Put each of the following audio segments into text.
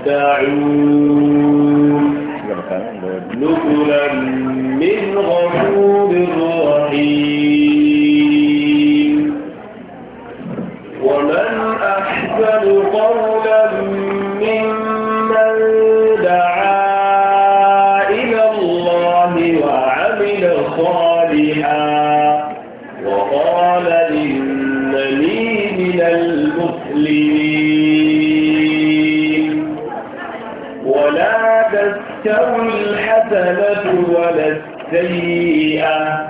وداعوا ولا تستوي الحسنة ولا السيئة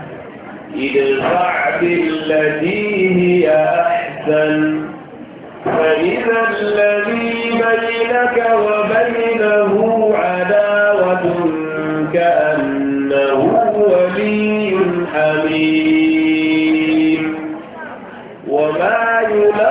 ادفع بالتي هي أحسن فإذا الذي بينك وبينه عداوة كأنه ولي حميم وما يلقى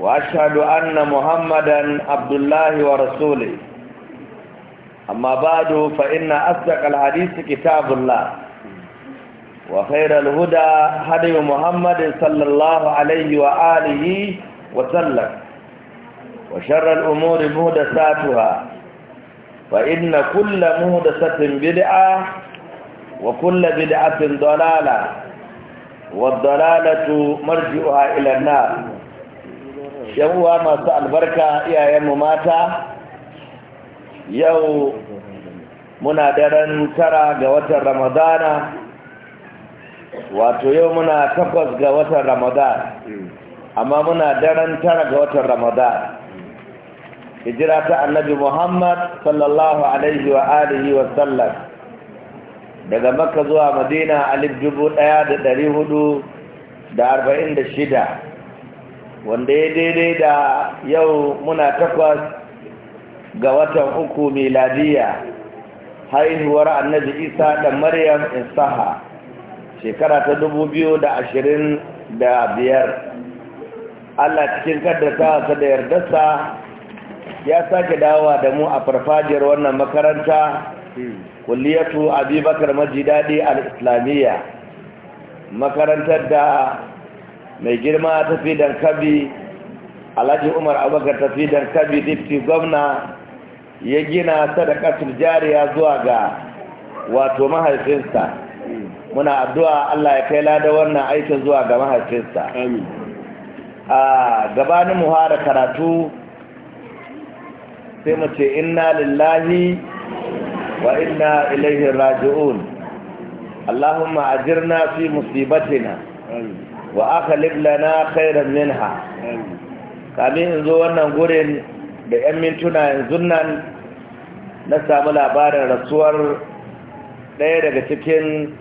وأشهد أن محمدا عبد الله ورسوله أما بعد فإن أصدق الحديث كتاب الله وخير الهدى هدي محمد صلى الله عليه وآله وسلم وشر الأمور مهدساتها فإن كل مهدسة بدعة وكل بدعة ضلالة والضلالة مرجئها إلى النار yan uwa masu albarka iyayenmu mata yau muna daren tara ga watan ramadana wato yau muna takwas ga watan ramadana amma muna daren tara ga watan ramadana hijira ta annabi muhammad sallallahu alaihi wa alihi wa sallam daga makka zuwa madina alif dubu ɗaya da ɗari hudu da arba'in da shida wanda ya daidai da yau muna takwas ga watan uku miladiya haihuwar annabi isa da maryam isaha shekara ta dubu biyu da ashirin da biyar allah cikin kaddarsa da yardarsa ya sake dawowa da mu a farfajiyar wannan makaranta kulliyatu abubakar majidadi al-islamiyya makarantar da mai girma tafi dankabi alhaji umar abubakar tafi dankabi dipti gwamna ya gina sadakatul jariya zuwa ga wato mahaifinsa muna addu'a Allah ya kai lada wannan aikin zuwa ga mahaifinsa a gabanin muhara karatu sai mu ce inna lillahi wa inna ilaihi raji'un Allahumma ajirna fi musibatina wa aka lana khairan minha kamin in zo wannan gurin da 'yan mintuna yanzu nan na samu labarin rasuwar ɗaya daga cikin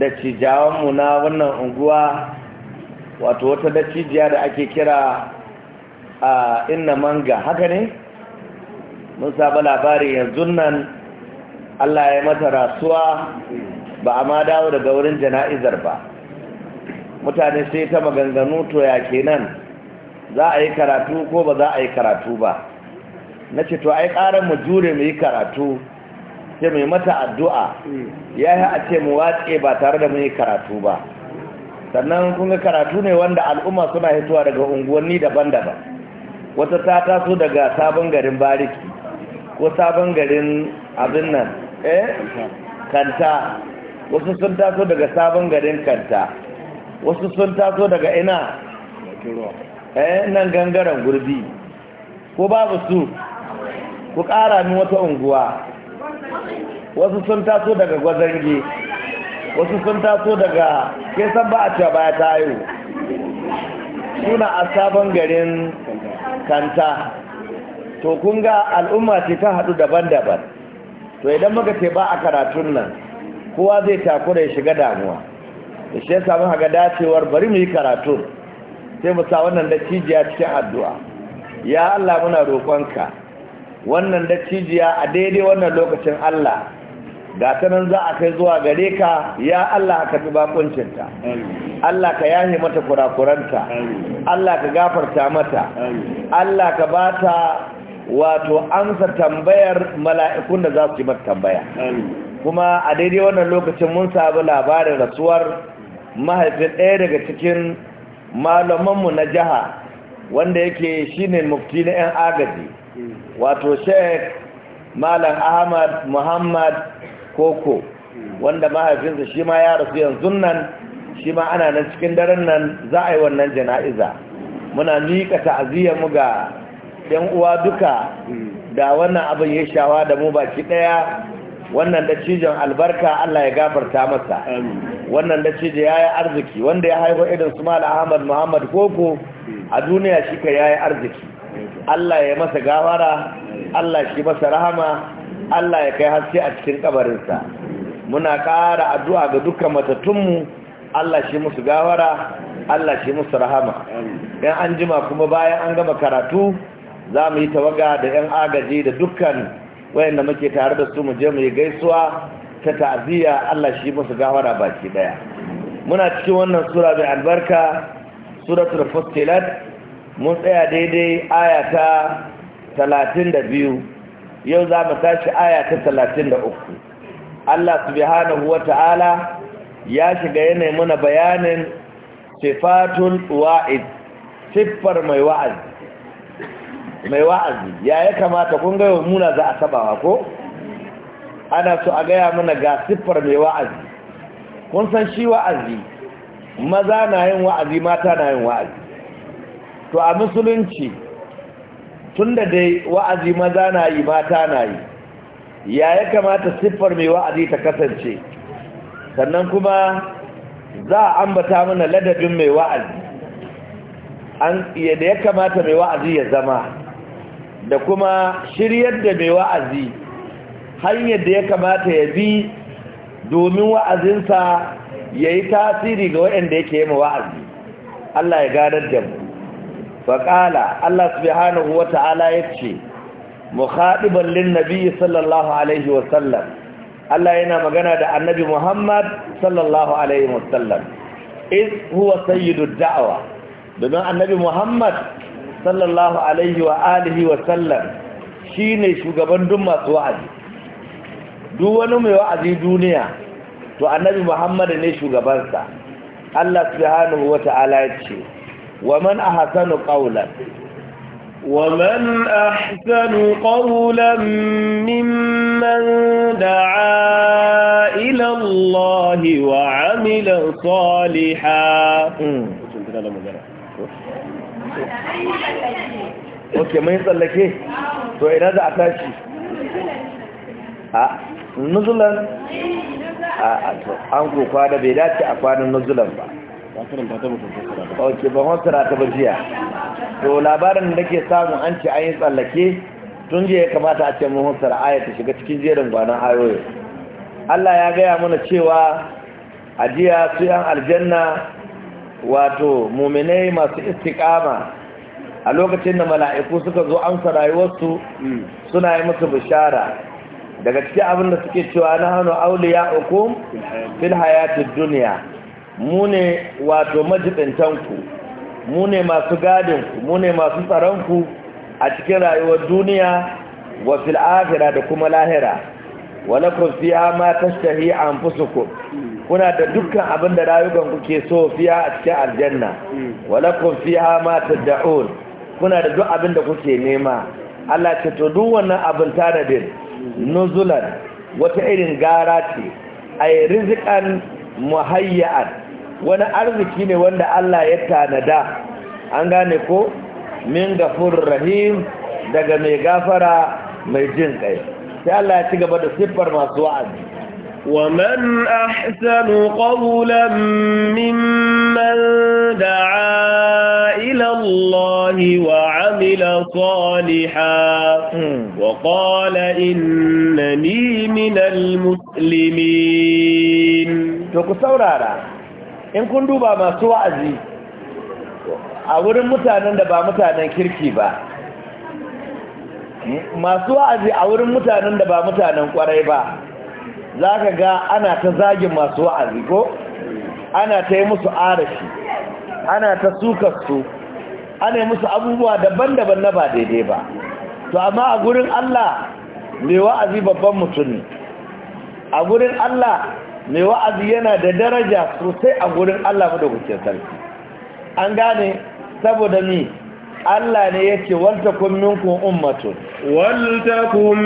da cijawanmu na wannan unguwa wato wata cijiya da ake kira a inna manga haka ne mun samu labarin yanzu nan allah ya mata rasuwa ba a ma dawo daga wurin jana'izar ba mutane sai ta maganganu to ya kenan za a yi karatu ko ba za a yi karatu ba na ce to ai karan mu jure mu yi karatu sai mu yi mata addu'a ya yi a ce mu watse ba tare da mu yi karatu ba sannan kun ga karatu ne wanda al'umma suna hitowa daga unguwanni daban-daban wata ta taso daga sabon garin bariki ko sabon garin abin nan eh kanta wasu sun taso daga sabon garin kanta wasu sun taso daga ina eh nan gangaren gurbi ko babu su ku ƙara min wata unguwa wasu sun taso daga gwazange wasu sun taso daga kesan ba a cewa baya tayo suna a sabon garin kanta to kun ga al'umma ce ta haɗu daban-daban to idan muka ce ba a karatun nan kowa zai takura ya shiga damuwa da shi ya mun haga dacewar bari mu yi karatu sai mu sa wannan dattijiya cikin addu'a ya Allah muna roƙonka wannan dattijiya a daidai wannan lokacin Allah ga ta nan za a kai zuwa gare ka ya Allah ka fi bakuncinta Allah ka yahe mata kurakuranta Allah ka gafarta mata Allah ka bata wato amsa tambayar mala'ikun da za su yi mata tambaya kuma a daidai wannan lokacin mun sabu labarin rasuwar mahaifin ɗaya daga cikin malamanmu na jiha wanda yake shine mufti na 'yan agaji wato sheik malam ahmad muhammad koko wanda mahaifinsa shi ma ya rasu yanzu nan shi ma ana nan cikin daren nan za a yi wannan jana'iza muna miƙa mu ga 'yan uwa duka da wannan abin ya shawa da mu baki ɗaya wannan da cijin albarka Allah ya gafarta masa wannan da ya yayi arziki wanda ya haifa irin su Malam Ahmad Muhammad Koko a duniya shi ka yayi arziki Allah ya masa gafara Allah shi masa rahama Allah ya kai haske a cikin kabarinsa muna kara addu'a ga dukkan matattunmu Allah shi musu gawara Allah shi musu rahama yan an jima kuma bayan an gama karatu za mu yi tawaga da yan agaji da dukkan wayanda muke tare da su mu je mu yi gaisuwa ta ta'aziyya Allah shi musu gawara baki daya muna cikin wannan sura mai albarka suratul fussilat mun tsaya daidai aya ta 32 yau za mu tashi aya ta 33 Allah subhanahu ta'ala ya shiga yanayi muna bayanin sifatul wa'id siffar mai wa'azi mai wa'azi ya ya kamata kun gaiwa muna za a wa ko ana so a gaya mana ga siffar mai wa'azi kun san shi wa'azi maza na yin wa'azi mata na yin wa'azi to a musulunci tun da dai wa'azi maza na yi mata na yi ya ya kamata siffar mai wa'azi ta kasance sannan kuma za a ambata mana ladabin mai wa'azi da ya kamata mai wa'azi ya zama da kuma shiryar da mai wa'azi hanyar da ya kamata ya bi domin wa'azinsa ya yi tasiri ga waɗanda yake yi wa'azi Allah ya gadar da mu faƙala Allah subhanahu wa ta'ala ya ce muhaɗiban linnabi sallallahu alaihi wasallam Allah yana magana da annabi Muhammad sallallahu alaihi wasallam is huwa sayyidu da'awa domin annabi Muhammad sallallahu alaihi wa alihi wa sallam shine shugaban duk masu wa'azi duk wani mai wa'azi duniya to annabi Muhammad ne shugabansa Allah subhanahu wa ya ce wa man ahsanu qawlan ومن أحسن قولا ممن دعا إلى الله وعمل صالحا ok mun tsallake to ina za a tashi a nuzulan a an kokwa da bai dace a kwanan nuzulan ba ok ban wasara ta bajiya to labarin da ke samun an ce an yi tsallake tun jiya ya kamata a ce mun wasara ta shiga cikin jerin gwanon ayoyi Allah ya gaya mana cewa ajiya su yan aljanna wato muminai masu istikama a lokacin da mala'iku suka zo amsa rayuwarsu mm. suna yi musu bishara daga cikin abin da suke cewa na hannu auliya uku fil hayatid duniya mu ne wato majibintanku mu ne masu gadinku mu ne masu tsaronku a cikin rayuwar duniya wa fil da kuma lahira wa lakum fiha ma tashtahi anfusukum kuna da dukkan abin da rayukan kuke so fiya a cikin aljanna walakun fiha ma tad'un kuna da duk abin da kuke nema Allah ce to duk wannan abin tanadin nuzulan wata irin gara ce ay rizqan muhayya'an wani arziki ne wanda Allah ya tanada an gane ko min gafur rahim daga mai gafara mai jin kai sai Allah ya ci gaba da siffar masu wa'azi ومن أحسن قولا ممن دعا إلى الله وعمل صالحا وقال إنني من المسلمين تقول سورارا إن كنت ما سوى أزي أولا متانا دبا متانا كيركي با ما wa'azi a wurin mutanen دبا ba mutanen با za ka ga ana ta zagin masu wa'azi ko ana ta yi musu arashi ana ta su, ana yi musu abubuwa daban-daban na ba daidai ba to amma a gurin Allah mai wa'azi babban mutum ne a gurin Allah mai wa'azi yana da daraja sosai a gurin Allah da madaukakin sarki an gane saboda ni Allah ne ya ce waltakun minkum ummatun waltakun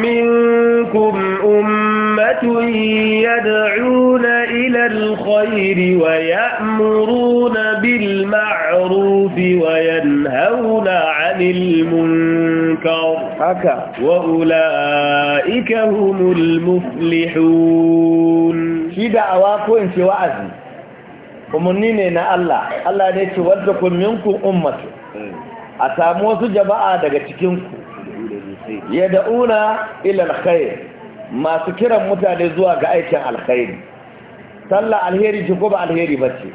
minkum ummatun يدعون إلى الخير ويأمرون بالمعروف وينهون عن المنكر هكا وأولئك هم المفلحون في دعواكم في وعزي ومنين الله الله نيتي ودكم منكم أمتي أساموس جماعة دقتكم يدعون إلى الخير masu kiran mutane zuwa ga aikin alkhairi sallah alheri ce ko ba alheri ba ce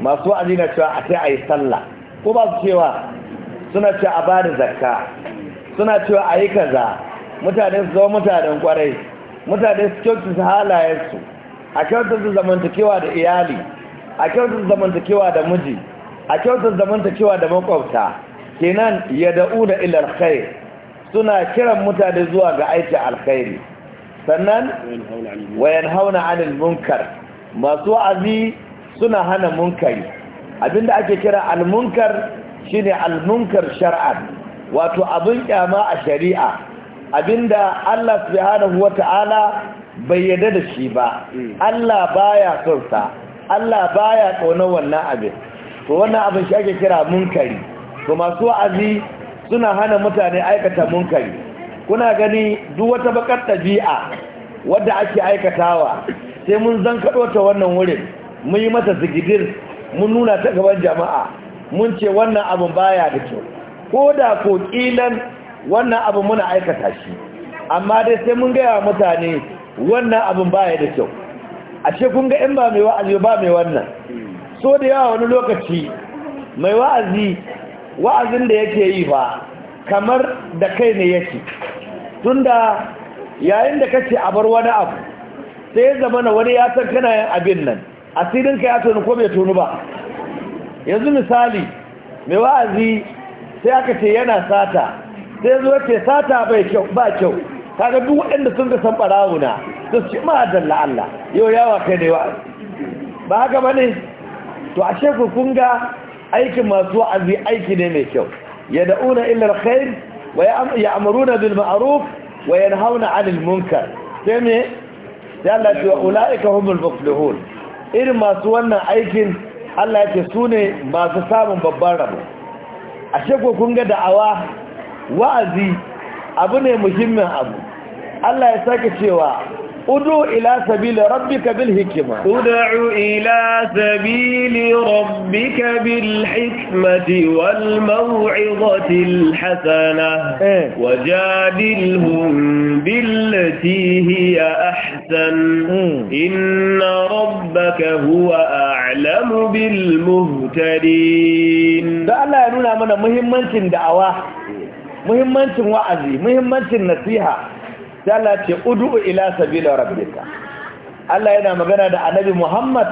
masu wa'azi na cewa a sai a yi sallah ko ba su cewa suna ce a ba da zakka suna cewa a yi kaza mutane su zama mutanen kwarai mutane su kyautu su halayensu a kyautu su zamantakewa da iyali a kyautu su zamantakewa da miji a kyautu su zamantakewa da makwabta kenan ya da'u da ilar kai suna kiran mutane zuwa ga aikin alkhairi sannan wayan hauna anil munkar masu wa'azi suna hana munkari abinda ake kira almunkar shine almunkar shar'an wato abin kyama a shari'a abinda Allah subhanahu wata'ala bai yarda da shi ba Allah baya son sa Allah baya kauna wannan abin to wannan abin shi ake kira munkari to masu wa'azi suna hana mutane aikata munkari kuna gani duk wata bakar ɗabi'a wadda ake aikatawa sai mun zan kaɗo ta wannan wurin mun yi mata zigidir mun nuna ta gaban jama'a mun ce wannan abin baya da kyau ko da ko ƙilan wannan abin muna aikata shi amma dai sai mun gaya mutane wannan abin baya da kyau ashe kun ga in ba mai wa'azi ba mai wannan so da yawa wani lokaci mai wa'azi wa'azin da yake yi ba kamar da kai ne yake tunda yayin da kace a bar wani abu sai ya zama wani ya san kana yin abin nan asirin ka ya tonu ko bai tonu ba yanzu misali mai wa'azi sai aka ce yana sata sai zo ce sata bai kyau ba kyau kaga duk waɗanda sun ga san barawuna su ce ma dalla Allah yau yawa kai ne wa'azi ba haka bane to ashe ku kun ga aikin masu wa'azi aiki ne mai kyau ya dauna illar alkhair ya'muruna bil ma'ruf wa yanhauna 'anil munkar sai Allah ya ce ulaiika humul muflihun irin masu wannan aikin Allah ya ce sune masu samun babban rabo A ko kun ga da'awa wa'azi abu ne muhimmin abu Allah ya sake cewa ادعو إلى سبيل ربك بالحكمة ادعو إلى سبيل ربك بالحكمة والموعظة الحسنة إيه؟ وجادلهم بالتي هي أحسن إيه. إن ربك هو أعلم بالمهتدين ده الله ينونا من مهمة دعوة مهمة وعزي مهمة نصيحة sai Allah ce ud'u ila sabila rabbika Allah yana magana da Annabi Muhammad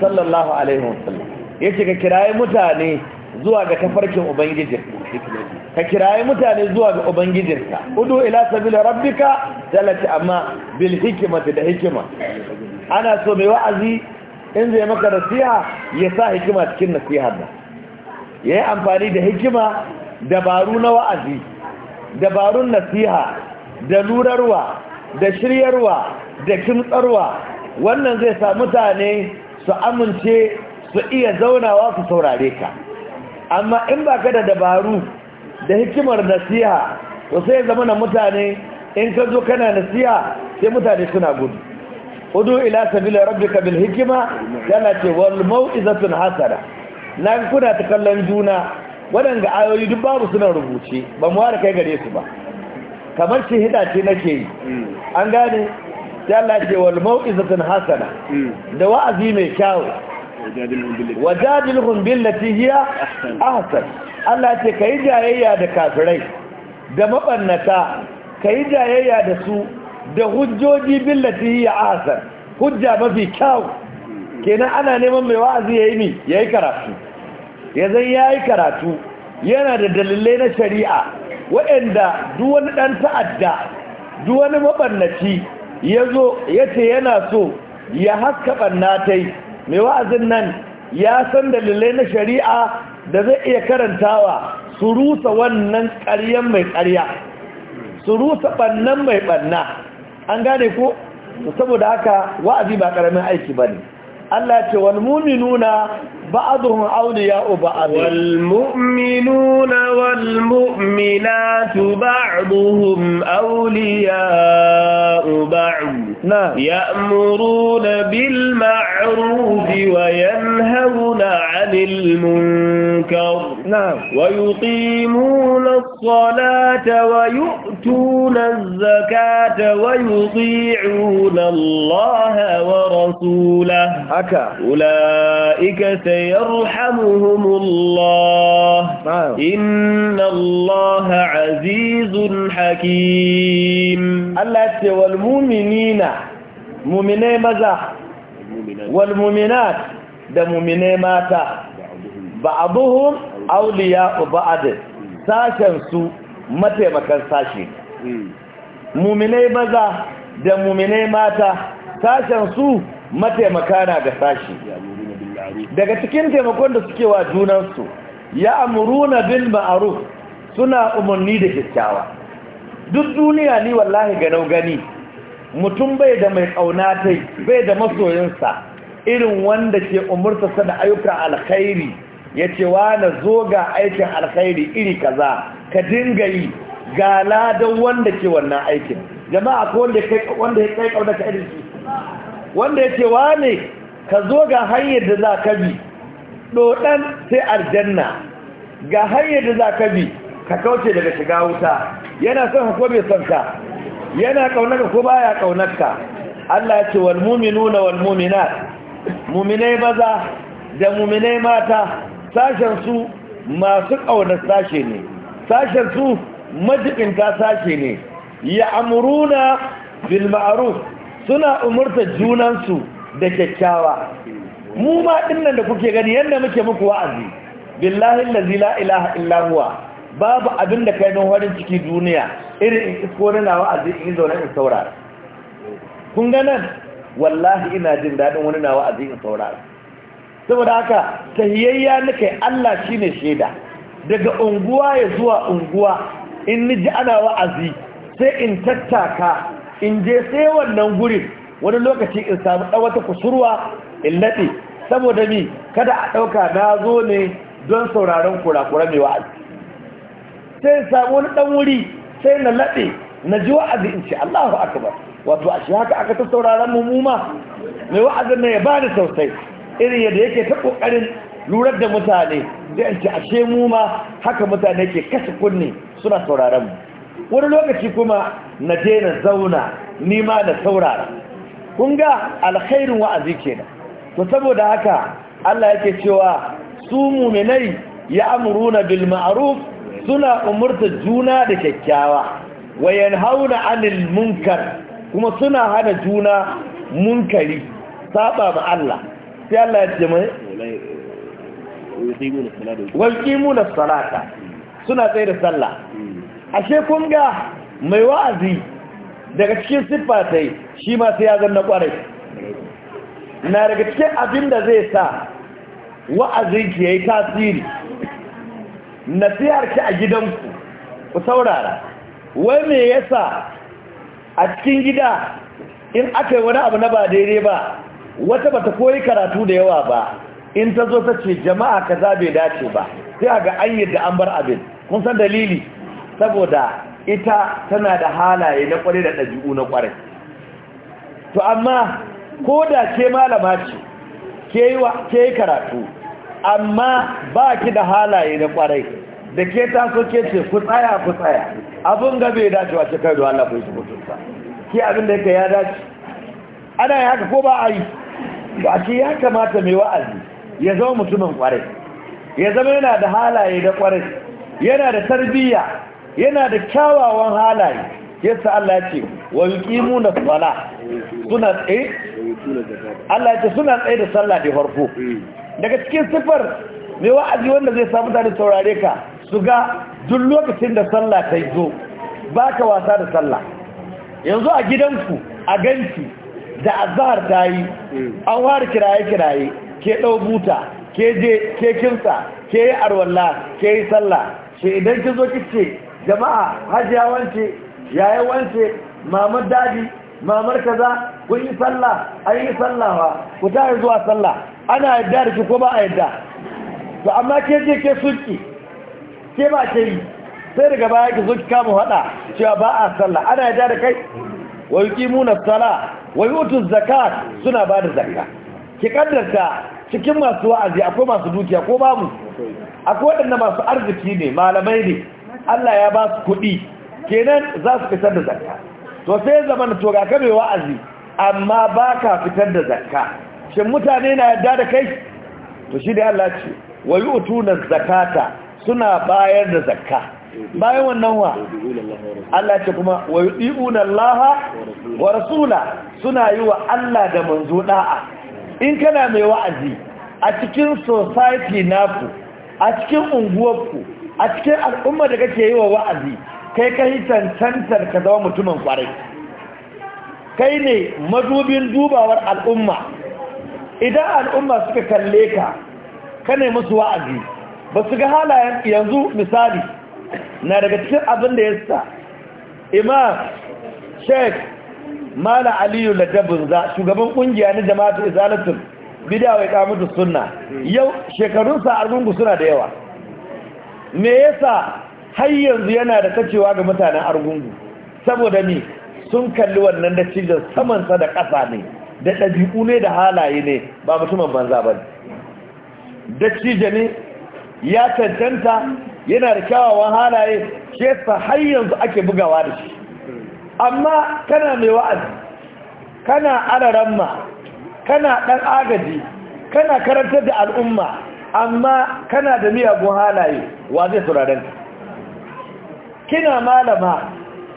sallallahu alaihi wasallam yace ka kiraye mutane zuwa ga tafarkin ubangijin ka kiraye mutane zuwa ga ubangijinka ud'u ila sabila rabbika zalati amma bil hikmati da hikima ana so mai wa'azi in zai maka nasiha ya sa hikima cikin nasihar Ya yayi amfani da hikima dabaru na wa'azi dabarun nasiha da lurarwa da shiryarwa da kimtsarwa wannan zai sa mutane su amince su iya zaunawa su saurare ka amma in ba ka da dabaru da hikimar nasiha to sai zama na mutane in ka zo kana nasiha sai mutane suna gudu hudu ila sabila rabbika bil hikima yana ce wal mau'izatun hasara na kuna ta kallon juna waɗanda ayoyi duk babu suna rubuce ba mu kai gare su ba kamar ce hida ce nake yi mm. an gane sai ce wal mau'izatun hasana mm. da wa'azi mai kyau wajadilhum billati hiya ahsan Allah ce kai jayayya da kafirai da mabannata kai jayayya da su da hujjoji billati hiya ahsan hujja mafi kyau mm. kenan ana neman mai wa'azi yayi mi yayi karatu ya zan yayi karatu yana da dalilai na shari'a waɗanda duwani ɗan ta'adda duwani maɓannaci ya zo ya ce yana so ya haska ɓannatai mai wa'azin nan ya san dalilai na shari'a da zai iya karantawa su rusa wannan ƙaryen mai ƙarya su rusa ɓannan mai ɓanna an gane ko saboda haka wa'azi ba ƙaramin aiki ba ne Allah ce wal mu'minuna ba'dhum awliya'u ba'd wal mu'minuna wal mu'minatu ba'dhum awliya'u ba'd ya'muruna bil ma'ruf wa yanhauna 'anil munkar نعم ويقيمون الصلاة ويؤتون الزكاة ويطيعون الله ورسوله أكا أولئك سيرحمهم الله نعم. إن الله عزيز حكيم الله والمؤمنين مؤمني ماذا والمؤمنات ده مؤمني ماتا بعضهم auliya ba'ad sashen su mataimakan sashi hmm. muminai maza da muminai mata sashen su mataimaka na ga sashi daga cikin taimakon da suke wa junansu ya amuruna bil ma'ruf suna umarni da kyakkyawa duk duniya ni wallahi ganau gani mutum bai da mai ƙaunatai bai da masoyinsa irin wanda ke umurta da ayyuka alkhairi ya ce wa na zo ga aikin alkhairi iri kaza ka dinga yi ga ladan wanda ke wannan aikin jama'a ko wanda ya kai kauna ka irin shi wanda yake wa ne ka zo ga hanyar da za ka bi ɗoɗan sai aljanna ga hanyar da za ka bi ka kauce daga shiga wuta yana son ka ko bai son ka yana kaunarka ko baya kaunarka Allah ya ce wal mu'minuna wal mu'minat mu'minai maza da mu'minai mata sashen su masu ƙaunar sashe ne sashen su majibinta sashe ne ya amuruna bil ma'ruf suna umurta junansu da kyakkyawa mu ma dinnan da kuke gani yadda muke muku wa'azi billahi allazi la ilaha illa huwa babu abin da kai don farin ciki duniya irin in isko na wa'azi in zaune in saurara kun ga nan wallahi ina jin daɗin wani na wa'azi in saurara saboda haka tahiyayya kai Allah shi ne shaida daga unguwa ya zuwa unguwa in ni ji ana wa'azi sai in tattaka in je sai wannan guri wani lokaci in samu wata kusurwa in laɗe saboda mi kada a ɗauka na zo ne don sauraron kurakura mai wa'azi sai in samu wani ɗan wuri sai na laɗe na ji wa'azi in ce Allahu akbar wato a shi haka aka ta sauraron mummuma mai wa'azin na ya bani sosai irin yadda yake ta ƙoƙarin lurar da mutane da yanci ashe mu ma haka mutane ke kashe kunne suna sauraron mu wani lokaci kuma na je na zauna nima da saurara kun ga alkhairin wa'azi kenan to saboda haka Allah yake cewa su mu'minai ya amuruna bil ma'ruf suna umurta juna da kyakkyawa wa yanhauna 'anil munkar kuma suna hana juna munkari saba ma Allah sai Allah ya ce mai salata suna tsaye da sallah ashe kun ga mai wa'azi daga cikin siffatai shi ma sai ya zanna kwarai na daga cikin abin da zai sa wa'azin ki ya yi tasiri na ki a gidanku ku saurara wai me yasa a cikin gida in aka yi wani abu na ba daidai ba wata bata koyi karatu da yawa ba in ta zo ta ce jama'a za bai dace ba sai a ga an yadda an bar abin kun san dalili saboda ita tana da halaye na kware da ɗabi'u na kware to amma ko da ke malama ce ke yi karatu amma ba ki da halaye na kwarai da ke taso ke ce ku tsaya ku tsaya abin ga bai dace wace kai da Allah ku yi su mutunta ke abin da yake ya dace ana yi haka ko ba a yi to a ce ya kamata mai wa'azi ya zama mutumin kwarai ya zama yana da halaye da kwarai yana da tarbiyya yana da kyawawan halaye sa Allah ce wa yuqimu na sala suna tsaye Allah ce suna tsaye da sallah da farko daga cikin siffar mai wa'azi wanda zai samu da saurare ka su ga duk lokacin da sallah ta zo baka wasa da sallah yanzu a gidanku a ganki da azahar ta yi an wari kiraye-kiraye ke ɗau buta ke je ke kinsa ke yi arwalla ke yi sallah ke idan ki zo kice jama'a hajiya wance yaya wance mamar daji mamar kaza kun yi sallah an yi sallah ba ku ta zuwa sallah ana yadda da ki ko ba a yadda to amma ke je ke sulki ke ba ke yi sai daga baya ki zo ki kama hada cewa ba a sallah ana yadda da kai wa yuqimuna salah wa yutu zakat suna ba da zakka ki kaddarta cikin masu wa'azi akwai masu dukiya ko babu akwai waɗanda masu arziki ne malamai ne Allah ya ba su kuɗi kenan za su fitar da zakka to sai zaman to ga kabe wa'azi amma ba ka fitar da zakka shin mutane na yadda da kai to shi da Allah ce wa yutu zakata suna bayar da zakka bayan wannan wa Allah ce kuma wa yu'minuna Allah wa rasula suna yi wa Allah da manzo da'a in kana mai wa'azi a cikin society naku a cikin unguwarku a cikin al'umma da kake yi wa wa'azi kai kai tantantar ka zama mutumin kwarai kai ne madubin dubawar al'umma idan al'umma suka kalle ka ka ne musu wa'azi ba su ga halayen yanzu misali na daga cikin abin da ya sa imam sheik mala aliyu za shugaban kungiya na jama'atu izalatun bida kamutu sunna yau shekarunsa a rungu suna da yawa me yasa har yanzu yana da kacewa ga mutanen argungu saboda ne sun kalli wannan da cizon samansa da ƙasa ne da ɗabi'u ne da halaye ne ba mutumin banza ba da cije ya cancanta yana da kyawawan halaye shi yasa har yanzu ake bugawa da shi amma kana mai wa'azi kana alaramma kana ɗan agaji kana karantar da al'umma amma kana da miyagun halaye wa zai sauraren kina malama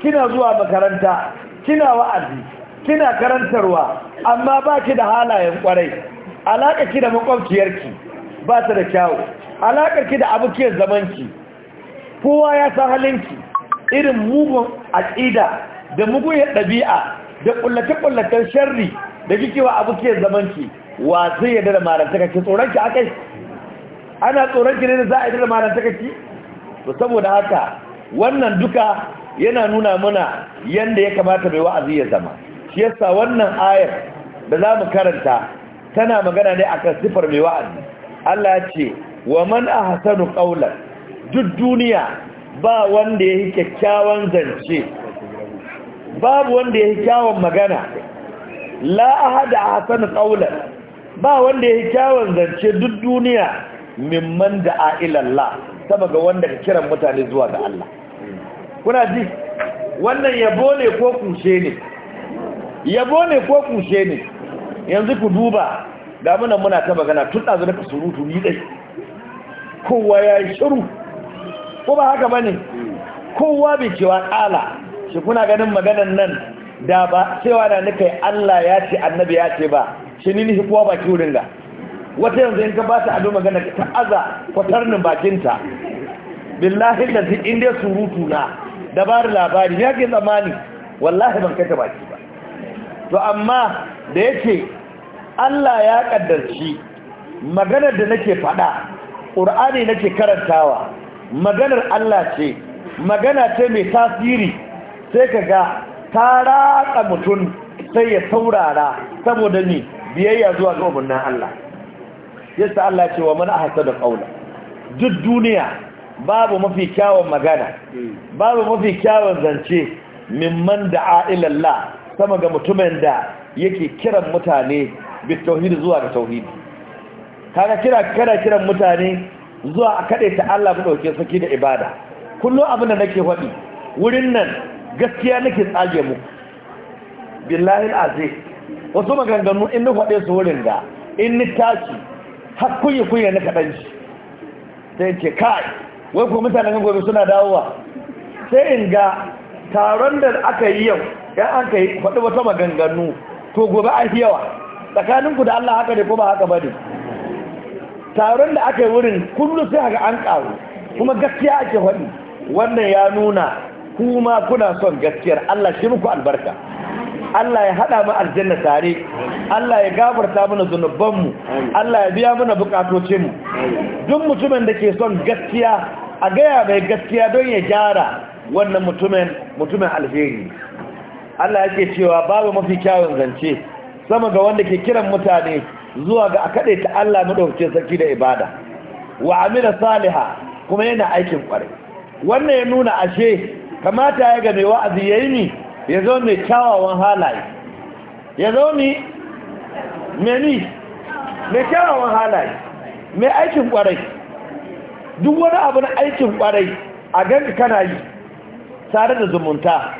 kina zuwa makaranta kina wa'azi kina karantarwa amma baki da halayen kwarai alaƙa ki da makwabciyarki ba ta da kyawu alaƙar ki da abokiyar zamanki kowa ya san halin ki irin mugun aƙida da mugun ɗabi'a da ƙullace-ƙullacen sharri da kike wa abokiyar zamanki wa zai yarda da marantaka ki tsoronki a kai ana tsoronki ne da za a yarda da marantaka ki to saboda haka wannan duka yana nuna mana yadda ya kamata mai wa'azi ya zama shi yasa wannan ayar da za mu karanta tana magana ne akan sifar mai wa'azi Allah ya ce wa man ahsanu qawlan duk duniya ba wanda yake kyakkyawan zance babu wanda yake kyakkyawan magana la ahada ahsanu qawlan ba wanda yake kyakkyawan zance duk duniya mimman da'a ila Allah saboda wanda ka kiran mutane zuwa ga Allah kuna ji wannan yabo ne ko kushe ne yabo ne ko kushe ne yanzu ku duba da muna muna ta magana tun ɗazu daga surutu ni dai kowa ya yi shiru ko ba haka ba ne kowa bai cewa ƙala shi kuna ganin maganan nan da ba cewa da nika Allah ya ce annabi ya ce ba shi ni nishi kowa baki wurin ga wata yanzu in ka ba ta ado magana ta aza kwatarnin bakinta billahi da zai inda surutu na dabar labari ya ke zamani wallahi ban kai ta baki ba to amma da yake Allah ya kaddarci maganar da nake faɗa ƙur'ani nake karantawa maganar Allah ce magana ce mai tasiri sai ka ga ta ratsa mutum sai ya saurara saboda ni biyayya zuwa ga umarnin Allah yasa Allah ce wa man da qawla duk duniya babu mafi kyawun magana babu mafi kyawun zance mimman da ailallah sama ga mutumin da yake kiran mutane bi zuwa ga tauhidi kaga kira kada kiran mutane zuwa a kaɗe ta Allah mu ɗauke saki da ibada kullum abin da nake faɗi wurin nan gaskiya nake tsage mu billahi azim wasu maganganu in ni faɗe su wurin da in ni tashi har kuyi kuyi na kaɗan shi sai ce kai wai ko mutanen gobe suna dawowa sai in ga taron da aka yi yau yan an ka yi faɗi wata maganganu to gobe an yawa tsakaninku da Allah haka ne ko ba haka ba ne taron da aka yi wurin kullum sai ga an ƙaru kuma gaskiya ake haɗi wannan ya nuna kuma kuna son gaskiyar Allah shi muku albarka Allah ya haɗa mu aljanna tare Allah ya gafarta mana zunubanmu Allah ya biya mana mu, duk mutumin da ke son gaskiya a gaya mai gaskiya don ya gyara wannan mutumin mutumin alheri Allah yake cewa babu mafi kyawun zance sama ga wanda ke kiran mutane zuwa ga akaɗe ta Allah madaukakin sarki da ibada wa amina saliha kuma yana aikin kwarai wannan ya nuna ashe kamata ya game mai wa'azi yayi ni ya zo mai kyawawan halaye ya zo ni ni mai kyawawan halaye mai aikin kwarai duk wani abu na aikin kwarai a ganka kana yi tare da zumunta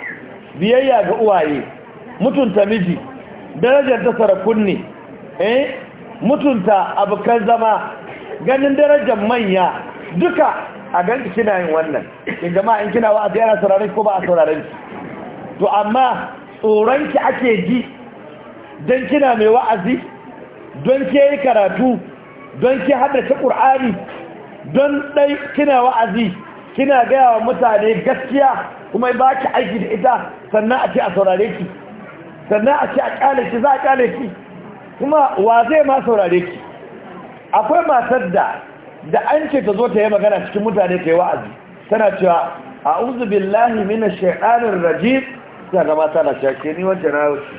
biyayya ga uwaye mutunta miji darajar ta sarakunni eh mutunta abokan zama ganin darajar manya duka a ganin kina yin wannan in jama'a in kina wa'azi yana sauraron ko ba a sauraron ki to amma tsoron ki ake ji don kina mai wa'azi don ke yi karatu don ke haddace ƙur'ani don ɗai kina wa'azi kina gaya wa mutane gaskiya kuma ba ki aiki da ita sannan a ce a saurare ki sannan a ce a ƙyale ki za a ƙyale ki kuma wa zai ma saurare ki akwai matar da da an ce ta zo ta yi magana cikin mutane ta yi wa'azi tana cewa a a'udhu billahi mina shekarar rajim sai ga mata na shake ni wacce na wuce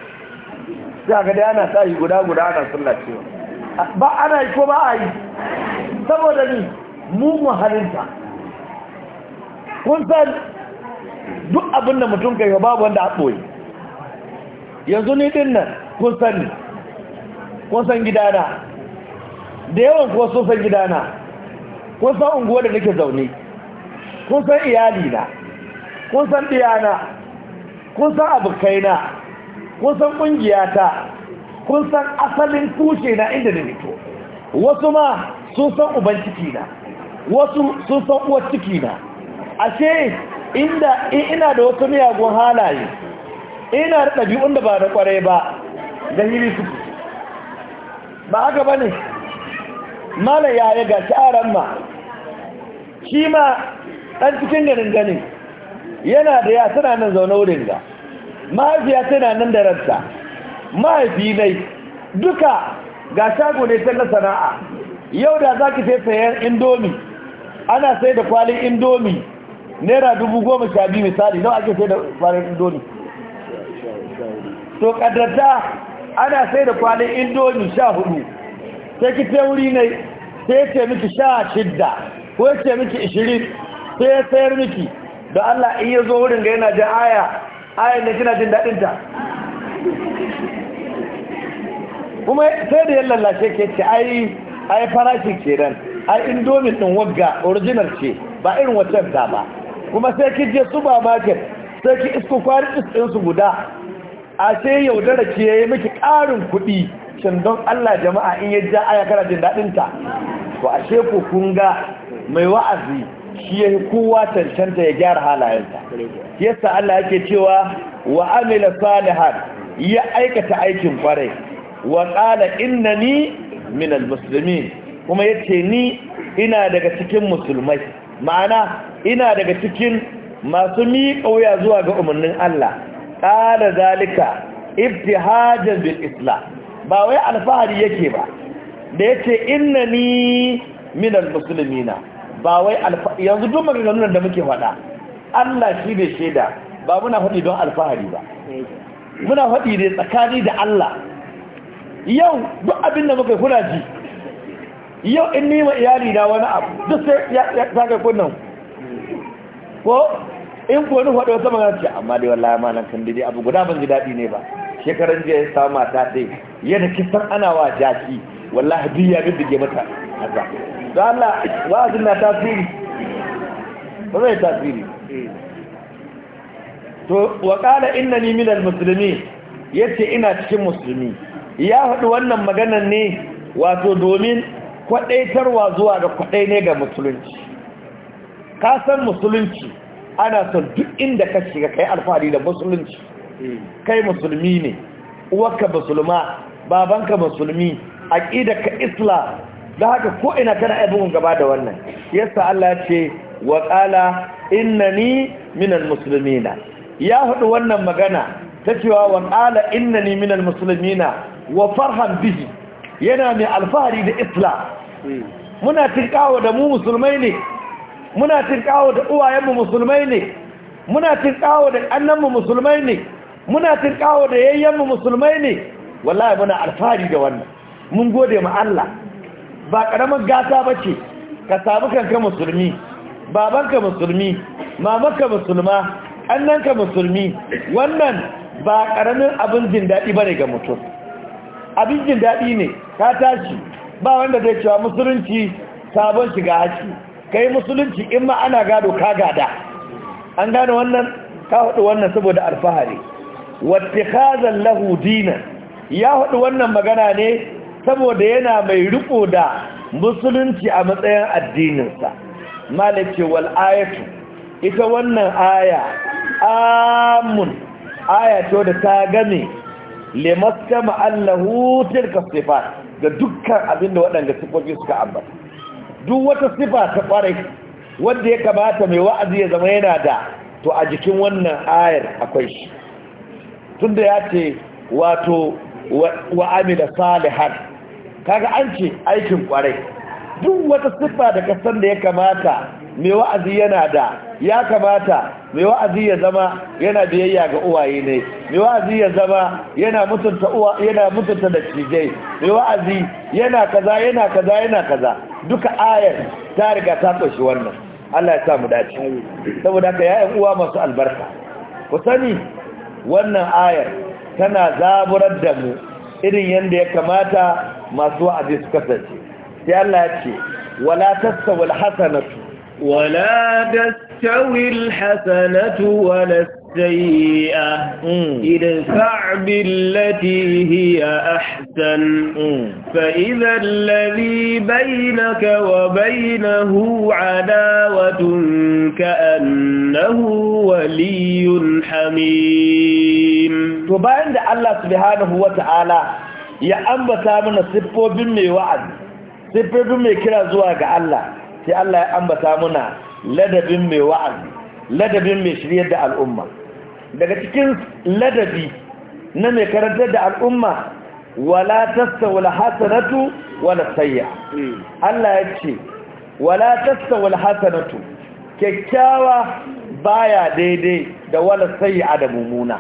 sai ga dai ana sa yi guda guda ana cewa. ba ana yi ko ba a yi saboda ni mugun halinta kun san duk abin da mutum kai babu wanda a ɓoye yanzu ni din nan kun sani kun gidana da yawan kuwa sun san gidana kun unguwa da nake zaune kun iyalina kun san diyana kun san abokaina kun ƙungiyata kun asalin tushe na inda da nito wasu ma sun san uban cikina wasu sun san uwar cikina ashe inda ina da wasu miyagun halaye ina da ɗabi'un da ba da ƙwarai ba da hiri suke ba haka ba ne mana yaya ga sha'aran ma shi ma ɗan cikin ganin ganin yana da ya suna nan zaune wurin ga mahaifiya suna nan da ranta mahaifi duka ga shago ne ta na sana'a yau da za ki sai sayan indomi ana sai da kwalin indomi naira dubu goma sha biyu misali nawa ake sai da kwalin indomi to kadarta ana sai da kwanin indomi sha hudu sai ki sai wuri ne sai ce miki sha shidda ko ce miki ishirin sai ya sayar miki da Allah in ya zo wurin ga yana jin aya ayan da kina jin daɗinta kuma sai da ya lashe ke ce ai ai farashi ke nan ai indomi ɗin wagga original ce ba irin waccan ta ba kuma sai ki je supermarket sai ki isko kwari su guda a sai yaudara ce ya yi miki ƙarin kuɗi shin don Allah jama'a in ya ja aya kana jin daɗinta to sai ku kun ga mai wa'azi shi ya yi kowa cancanta ya gyara halayensa yasa Allah yake cewa wa amila salihan ya aikata aikin kwarai wa qala innani min almuslimin kuma yace ni ina daga cikin musulmai ma'ana ina daga cikin masu miƙa wuya zuwa ga umarnin Allah qala zalika ibtihajan bil islam ba wai alfahari yake ba da yace innani minal muslimina ba wai yanzu duk maganganun da muke faɗa Allah shi ne shaida ba muna faɗi don alfahari ba muna faɗi ne tsakani da Allah yau duk abin da muka kuna ji yau in nima iyali na wani abu duk sai ya kai kunnan ko in ko ni faɗo wata magana ce amma dai wallahi ma nan kan dai abu guda ban ji daɗi ne ba shekaran jiya ya samu mata sai yadda kisan ana wa jaki wallahi duk ya bibige mata kaza To Allah wa'azin na tasiri ba zai tasiri to wa qala innani minal muslimin yace ina cikin musulmi ya faɗi wannan maganar ne wato domin kwaɗaitarwa zuwa da kwaɗai ne ga musulunci ka san musulunci ana son duk inda ka shiga kai alfahari da musulunci kai musulmi ne uwarka musulma babanka musulmi ka isla da haka ko ina kana aibun gaba da wannan yasa Allah ya ce wa qala innani minal muslimina ya hudu wannan magana ta cewa wa qala innani minal muslimina wa farhan bihi yana mai alfahari da isla hmm. muna tinkawa da mu musulmai ne muna kawo da uwayenmu musulmai ne muna kawo da annanmu musulmai ne muna kawo da yayyenmu musulmai ne wallahi muna alfahari da wannan mun gode ma Allah ba karaman gata bace ka samu kanka musulmi babanka musulmi mamanka musulma annanka musulmi wannan ba karamin abin jin daɗi bane ga mutum abin jin daɗi ne ka tashi ba wanda zai cewa musulunci sabon shiga haƙi kai musulunci in ma ana gado ka gada an gano wannan ka hudu wannan saboda alfahari wattikhazan lahu dinan ya hudu wannan magana ne saboda yana mai riko da musulunci a matsayin addininsa malik wal ayatu ita wannan aya amun aya ce da ta game maskama allahu tilka sifat ga dukkan abinda waɗanda sifofi suka ambata duk wata sifa ta kwarai wanda ya kamata mai wa'azi ya zama yana da to a jikin wannan ayar akwai shi tunda ya ce wato wa da salihan kaga an ce aikin kwarai duk wata sifa da kasar da ya kamata mai wa'azi yana da ya kamata mai wa'azi ya zama yana biyayya ga uwaye ne mai wa'azi ya zama yana mutunta uwa yana mutunta dattijai mai wa'azi yana kaza yana kaza yana kaza duka ayar ta riga ta ƙoshi wannan Allah ya sa mu dace saboda haka yayin uwa masu albarka ku sani wannan ayar tana zaburar da mu irin yadda ya kamata masu wa'azi su kasance sai Allah ya ce wala tasawul hasanatu ولا تستوي الحسنة ولا السيئة ادفع بالتي هي أحسن فإذا الذي بينك وبينه عداوة كأنه ولي حميم وبعد الله سبحانه وتعالى يا أنبتا من السبب من وعد سبب من كرا زواج الله sai Allah ya ambata muna ladabin mai wa'azi ladabin mai shiryar da al'umma daga cikin ladabi na mai karantar da al'umma wala tastawul hasanatu wala sayya Allah ya ce wala tastawul hasanatu kyakkyawa baya daidai da wala sayya da mumuna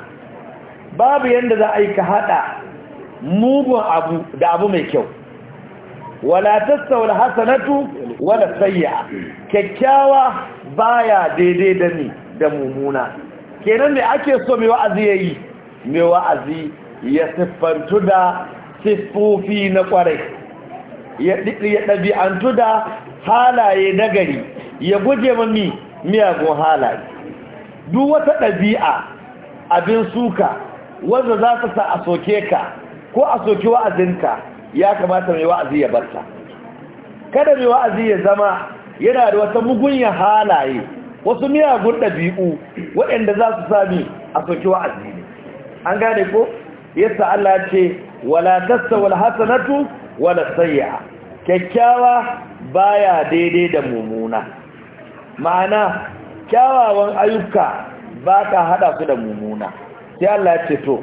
babu yadda za a yi ka haɗa mugun abu da abu mai kyau wala tastawul hasanatu wala sayya kyakkyawa baya daidai da ni da mummuna kenan da ake so mai wa'azi ya yi mai wa'azi ya siffantu da siffofi na kwarai ya ɗabi'antu da halaye nagari ya guje mami miyagun halaye duk wata ɗabi'a abin suka wanda za ta sa a soke ka ko a soke wa'azinka ya kamata mai wa'azi ya barta kada mai wa'azi ya zama yana da wata mugunya halaye wasu miyagun ɗabi'u waɗanda za su sami a soke wa'azi ne an gane ko yasa Allah ce wala tassa wal wala sayya kyakkyawa baya daidai da mumuna ma'ana kyawawan ayyuka ba ka hada su da mumuna sai Allah ce to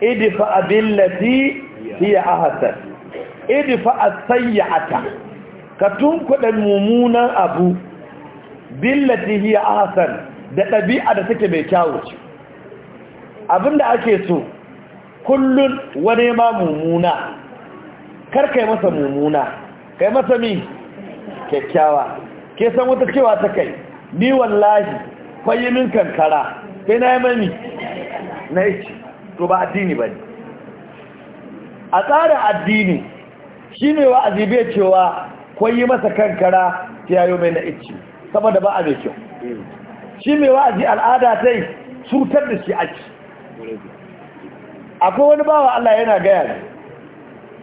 Idifa a abillati hiya ahsan idfa a ta ka tunkuɗa mummunan abu billati hiya ahsan da ɗabi'a da suke mai kyawu ce abinda ake so kullun wani ma mummuna kar kai masa mummuna kai masa mi kyakkyawa ke san wata cewa ta kai ni wallahi kwayi min kankara sai na yi mami na yi to ba addini ba ne a tsarin addini shi ne wa azibiyar cewa ko yi masa kankara ta yayo mai na ici saboda ba a mai kyau shi mai wa'azi al'ada ta yi cutar da shi aci akwai wani bawa Allah yana gaya ne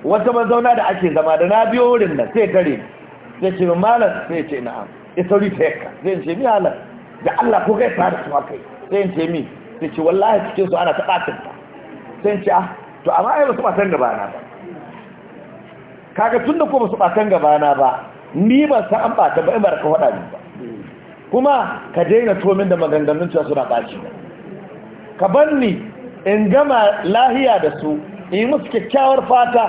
wata mazauna da ake zama da na biyo wurin nan sai tare sai ce malam sai ce na'am ya sauri ta yakka zai ce mi halar da Allah ko gaisa da su kai? sai ce mi sai ce wallahi cikin su ana ta ɓatin ta sai ce ah to amma ai ba su ba da ba na ba kaga tun da ko ba su gaba gabana ba ni ba sa an bata ba in ba ka wada ni ba kuma ka daina tomin da maganganun cewa suna baci ka banni in gama lahiya da su in yi musu kyakkyawar fata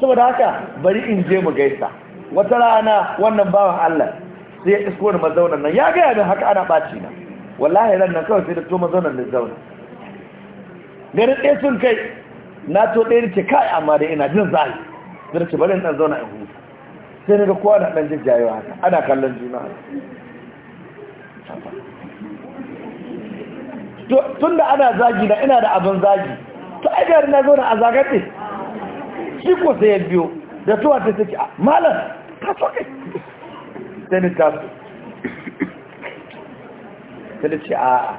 saboda haka bari in je mu gaisa wata rana wannan bawan Allah sai ya isko ni mazaunan nan ya gaya min haka ana baci na wallahi ran nan kawai sai da to mazaunan da zauna garin ɗaya sun kai na to ɗaya ce kai amma da ina jin zai sai ce bari ɗan zauna in huta sai ne da kowa da ɗan jajjayewa haka ana kallon juna tun da ana zagi na ina da abin zagi to ajiyar na zauna a zagaɗe shi ko sai ya biyo da tuwa ta take a ta ka soke sai ta ah, so sai ce a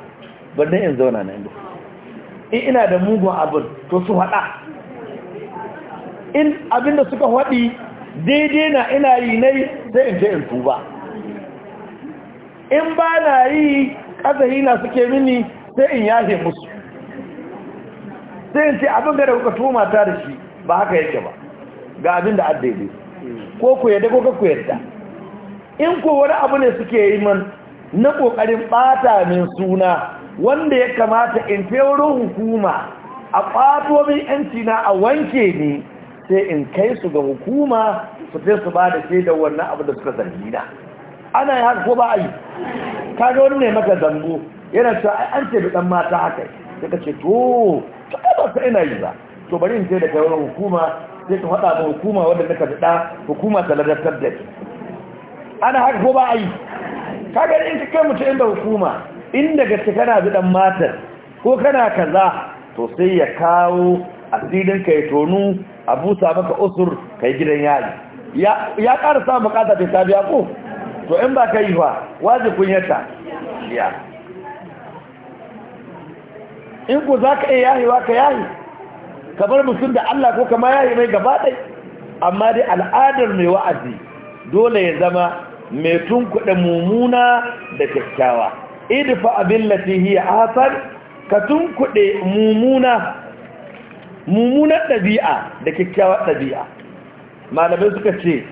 ban ɗan zauna na ina da mugun abin to su haɗa in abinda suka faɗi daidai na ina yi nai sai in je in tuba in ba na yi ƙazahi na suke mini sai in yahe musu sai in ce abin da kuka tuma ta da shi ba haka yake ba ga abin da addaidai ko ku yadda ko ka ku yadda in ko wani abu ne suke yi man na ƙoƙarin ɓata min suna wanda ya kamata in fewurin hukuma a ƙwato min ‘yanci na a wanke ne sai in kai su ga hukuma su ce su ba da shaidar wannan abu da suka zargi na ana yi haka ko ba a yi ta ga wani ne maka zango yana cewa an ce dan mata haka ya ka ce to ta ba sai ina yi ba to bari in ce da kai wani hukuma sai ta faɗa ma hukuma wanda naka da hukuma ta da ke ana haka ko ba a yi ka ga in ka kai mutum inda hukuma in daga ce kana dan matar ko kana kaza to sai ya kawo asirin kai tonu a busa maka usur kai gidan yari ya ƙara samun buƙatar ta tabiya ko to in ba ka yi ba waje yata ya in ku za ka iya yahewa ka yahi kamar musul da Allah ko kama yahi mai gaba ɗai amma dai al'adar mai wa'azi dole ya zama mai tunkuɗa mummuna da kyakkyawa idifa abin lati A asar ka tunkuɗe mummuna mummunar ɗabi'a da kyakkyawar ɗabi'a malamai suka ce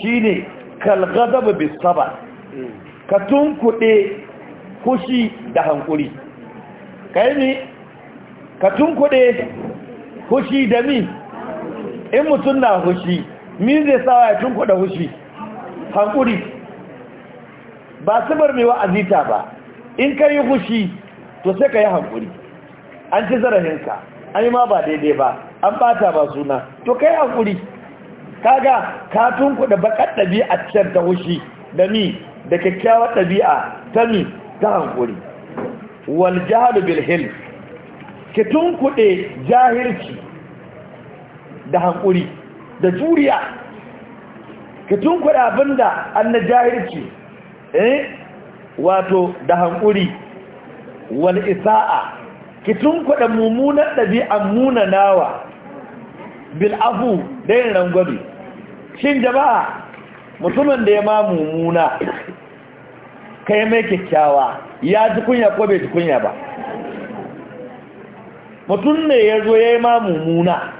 shi ne kalgazaba bisaba ka tunkuɗe kushi da hankuri yi ne ka tunkuɗe hushi da mi in mutum na hushi mi zai sawa ya tunkuɗe hushi hankuri ba su bar a wa'azita ba in ka yi hushi to sai ka yi hankuri an ci zarafinka ai ma ba daidai ba an bata ba suna to kai hakuri kaga ka da bakar ɗabi'a can ta hushi da mi da kyakkyawar ɗabi'a ta mi ta hankuri wal jahlu bil hil ki tunkuɗe jahilci da hankuri da juriya ki tunkuɗe abinda an jahilci eh wato da hankuri wal isa'a ki tunkuɗa mummunan ɗabi'an munanawa bil'afu da yin rangwabi shin jama'a mutumin da ya ma mummuna ka yi mai kyakkyawa ya ji kunya ko bai ji kunya ba mutum ne ya zo ya yi ma mummuna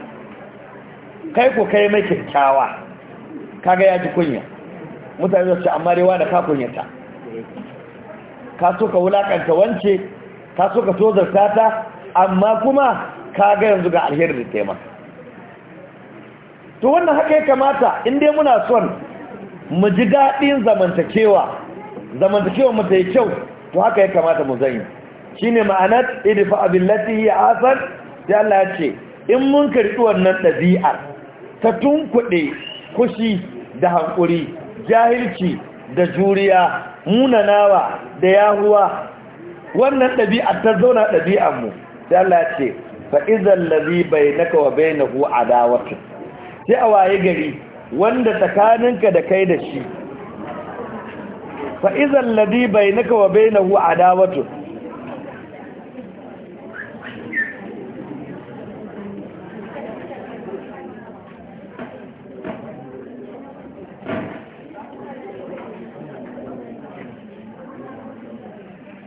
kai ko kai mai kyakkyawa kaga ya ji kunya mutane ce, amma rewa da ka kunyata ka so ka wulaƙanta wance ka so ka zarta ta amma kuma ka ga yanzu ga alherin da taimaka to wannan haka ya kamata dai muna son mu ji daɗin zamantakewa zamantakewa mu ta yi kyau to haka ya kamata mu zanyi shi ne ma'anar idifa abillati ya asar da ya ce in mun karɓi wannan ɗabi'ar ta tunkuɗe kushi da hankuri jahilci da juriya munanawa da yahuwa wannan ɗabi'a ta zauna ɗabi'an mu sai Allah ya ce fa izal ladhi bainaka wa bainahu adawatu sai a waye gari wanda tsakaninka da kai da shi fa izal ladhi bainaka wa bainahu adawatu